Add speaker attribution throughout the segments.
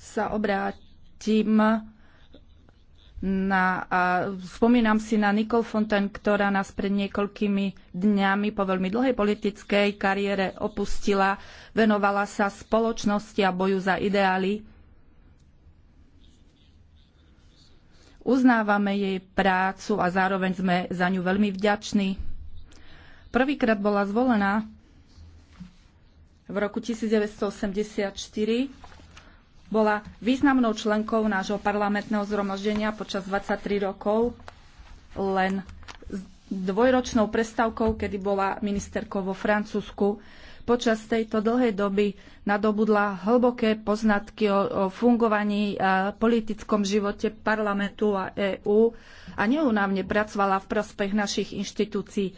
Speaker 1: sa obrátim na, a spomínam si na Nicole Fontaine, ktorá nás pred niekoľkými dňami po veľmi dlhej politickej kariére opustila, venovala sa spoločnosti a boju za ideály. Uznávame jej prácu a zároveň sme za ňu veľmi vďační. Prvýkrát bola zvolená v roku 1984 bola významnou členkou nášho parlamentného zhromaždenia počas 23 rokov, len s dvojročnou prestavkou, kedy bola ministerkou vo Francúzsku. Počas tejto dlhej doby nadobudla hlboké poznatky o, o fungovaní a politickom živote parlamentu a EÚ a neunávne pracovala v prospech našich inštitúcií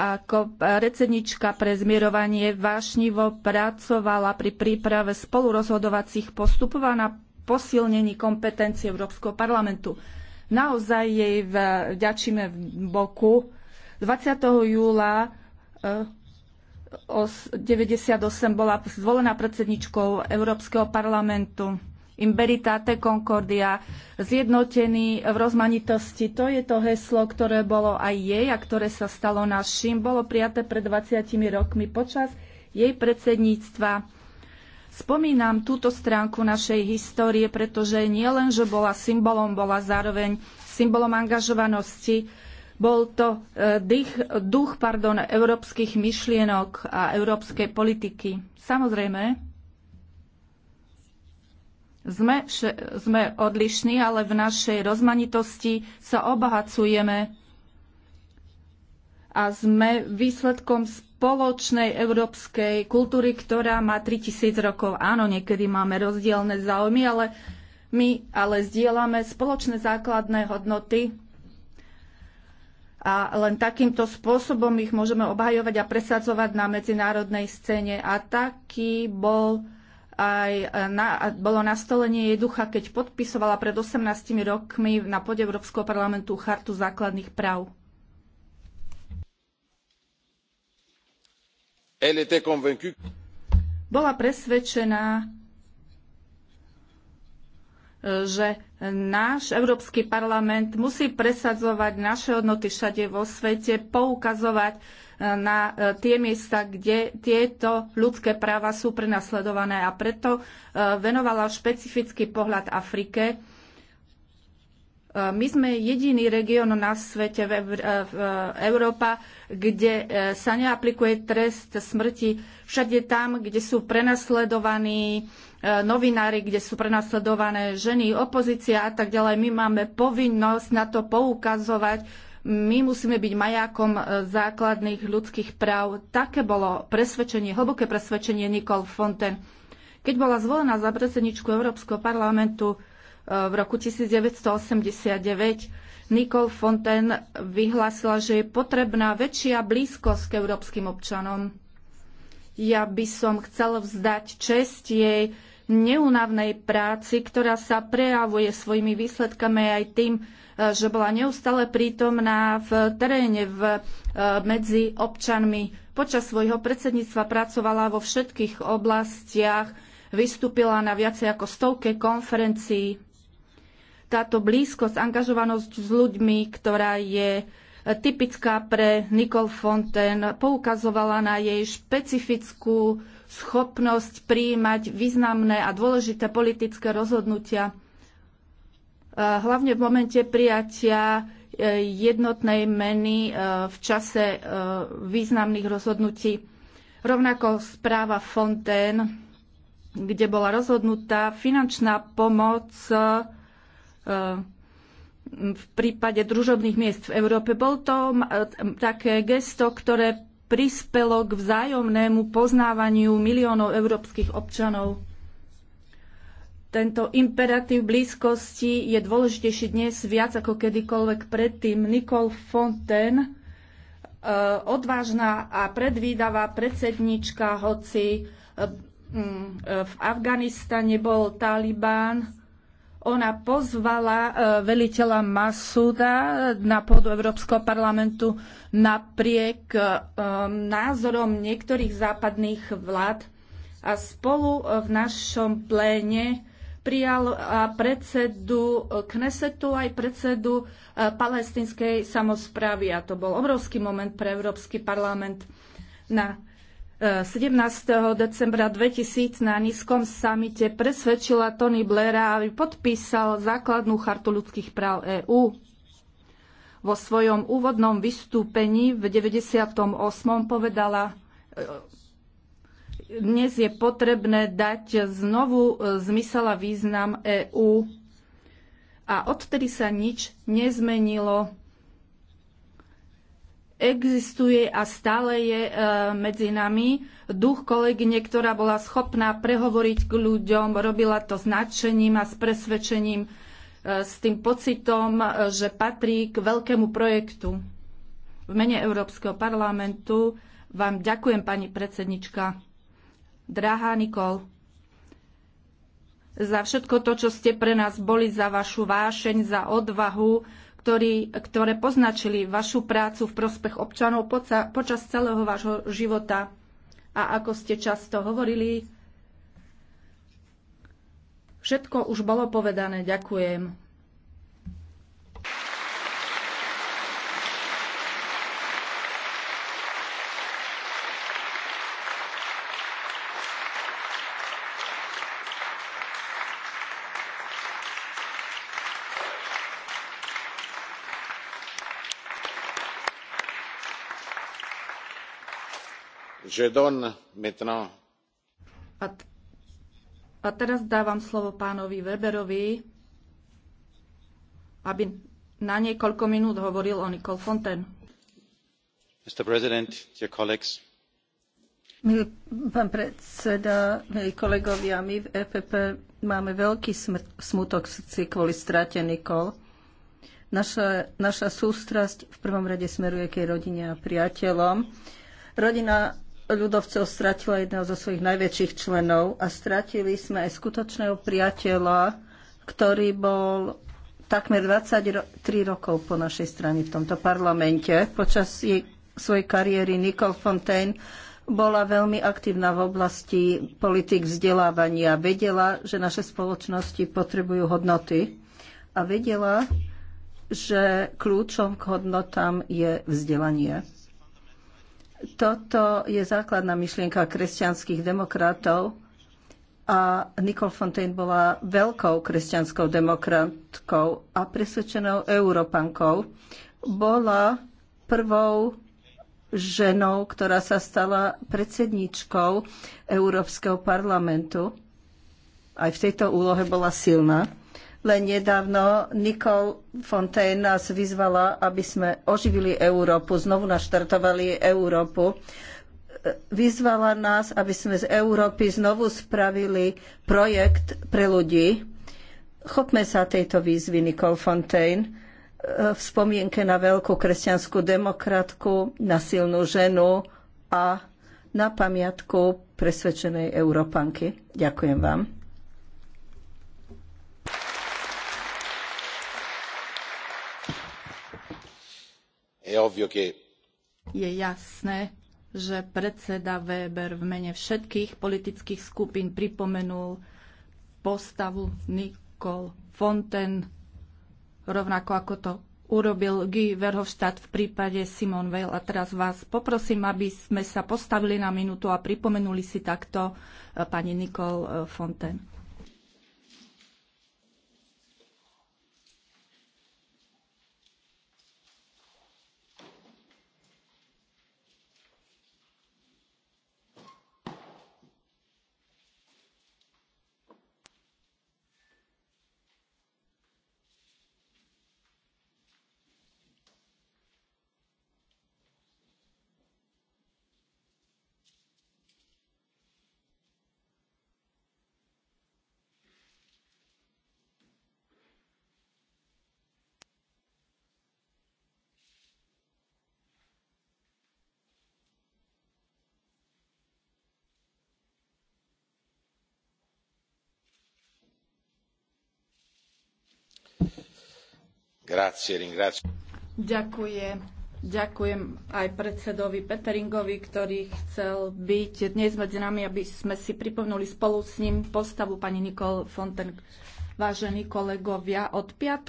Speaker 1: ako predsednička pre zmierovanie vášnivo pracovala pri príprave spolurozhodovacích postupov a na posilnení kompetencie Európskeho parlamentu. Naozaj jej vďačíme v boku. 20. júla 98 eh, bola zvolená predsedničkou Európskeho parlamentu. Imberitate Concordia, zjednotený v rozmanitosti. To je to heslo, ktoré bolo aj jej a ktoré sa stalo našim. Bolo prijaté pred 20 rokmi počas jej predsedníctva. Spomínam túto stránku našej histórie, pretože nie len, že bola symbolom, bola zároveň symbolom angažovanosti. Bol to e, dých, duch pardon, európskych myšlienok a európskej politiky. Samozrejme, sme, sme odlišní, ale v našej rozmanitosti sa obohacujeme a sme výsledkom spoločnej európskej kultúry, ktorá má 3000 rokov. Áno, niekedy máme rozdielne záujmy, ale my ale zdieľame spoločné základné hodnoty a len takýmto spôsobom ich môžeme obhajovať a presadzovať na medzinárodnej scéne. A taký bol aj e, na, bolo nastolenie jej ducha, keď podpisovala pred 18 rokmi na pôde Európskeho parlamentu chartu základných práv. Bola presvedčená, že náš Európsky parlament musí presadzovať naše hodnoty všade vo svete, poukazovať e, na e, tie miesta, kde tieto ľudské práva sú prenasledované. A preto e, venovala špecifický pohľad Afrike E, my sme jediný región na svete, v, e, v, v e, Európa, kde sa neaplikuje trest smrti. Všade tam, kde sú prenasledovaní novinári, kde sú prenasledované ženy, opozícia a tak ďalej, my máme povinnosť na to poukazovať. My musíme byť majákom základných ľudských práv. Také bolo presvedčenie, hlboké presvedčenie Nicole Fontaine. Keď bola zvolená za predsedničku Európskeho parlamentu, v roku 1989 Nicole Fontaine vyhlásila, že je potrebná väčšia blízkosť k európskym občanom. Ja by som chcel vzdať čest jej neunavnej práci, ktorá sa prejavuje svojimi výsledkami aj tým, eh, že bola neustále prítomná v teréne v, eh, medzi občanmi. Počas svojho predsedníctva pracovala vo všetkých oblastiach, vystúpila na viacej ako stovke konferencií táto blízkosť, angažovanosť s ľuďmi, ktorá je eh, typická pre Nicole Fontaine, poukazovala na jej špecifickú schopnosť príjmať významné a dôležité politické rozhodnutia. Eh, hlavne v momente prijatia eh, jednotnej meny v čase významných rozhodnutí. Rovnako správa Fontaine, kde bola rozhodnutá finančná pomoc Eh, v prípade družobných miest v Európe. Bol to eh, také gesto, ktoré prispelo k vzájomnému poznávaniu miliónov európskych občanov. Tento imperatív blízkosti je dôležitejší dnes viac ako kedykoľvek predtým. Nicole Fontaine, eh, odvážna a predvídavá predsednička, hoci v Afganistane bol Talibán, ona pozvala e, veliteľa Masuda na pôdu Európskeho parlamentu napriek e, názorom niektorých západných vlád a spolu v našom pléne prijal e, predsedu Knesetu aj predsedu palestinskej samozprávy a to bol obrovský moment pre Európsky parlament na 17. decembra 2000 na nízkom samite presvedčila Tony Blaira, aby podpísal základnú chartu ľudských práv EÚ. Vo svojom úvodnom vystúpení v 98. povedala, e, dnes je potrebné dať znovu e, zmysel a význam EÚ. A odtedy sa nič nezmenilo existuje a stále je e, medzi nami duch kolegyne, ktorá bola schopná prehovoriť k ľuďom, robila to s nadšením a s presvedčením, e, s tým pocitom, e, že patrí k veľkému projektu. V mene Európskeho parlamentu vám ďakujem, pani predsednička. Drahá Nikol, za všetko to, čo ste pre nás boli, za vašu vášeň, za odvahu, ktorý, ktoré poznačili vašu prácu v prospech občanov poca, počas celého vášho života. A ako ste často hovorili, všetko už bolo povedané. Ďakujem. A, teraz dávam slovo pánovi Weberovi, aby na niekoľko minút hovoril o Nicole Fontaine.
Speaker 2: Mr. President,
Speaker 1: dear colleagues,
Speaker 2: Milý pán predseda, milí kolegovia, my v EPP máme veľký smrt, smutok v srdci kvôli strate Nikol. Naša, naša sústrasť v prvom rade smeruje k jej rodine a priateľom. Rodina ľudovcov stratila jedného zo svojich najväčších členov a stratili sme aj skutočného priateľa, ktorý bol takmer 23 rokov po našej strane v tomto parlamente. Počas jej, svojej kariéry Nicole Fontaine bola veľmi aktívna v oblasti politik vzdelávania. Vedela, že naše spoločnosti potrebujú hodnoty a vedela, že kľúčom k hodnotám je vzdelanie. Toto je základná myšlienka kresťanských demokratov a Nicole Fontaine bola veľkou kresťanskou demokratkou a presvedčenou Európankou. Bola prvou ženou, ktorá sa stala predsedničkou Európskeho parlamentu. Aj v tejto úlohe bola silná. Len nedávno Nicole Fontaine nás vyzvala, aby sme oživili Európu, znovu naštartovali Európu. Vyzvala nás, aby sme z Európy znovu spravili projekt pre ľudí. Chopme sa tejto výzvy, Nicole Fontaine, v spomienke na veľkú kresťanskú demokratku, na silnú ženu a na pamiatku presvedčenej Európanky. Ďakujem vám.
Speaker 1: Je jasné, že predseda Weber v mene všetkých politických skupín pripomenul postavu Nikol Fonten, rovnako ako to urobil Guy Verhofstadt v prípade Simon Weil. A teraz vás poprosím, aby sme sa postavili na minútu a pripomenuli si takto eh, pani Nikol eh, Fonten.
Speaker 2: Ďakujem.
Speaker 1: Ďakujem aj predsedovi Peteringovi, ktorý chcel byť dnes medzi nami, aby sme si pripomenuli spolu s ním postavu pani Nikol Fonten. Vážení kolegovia, od piatku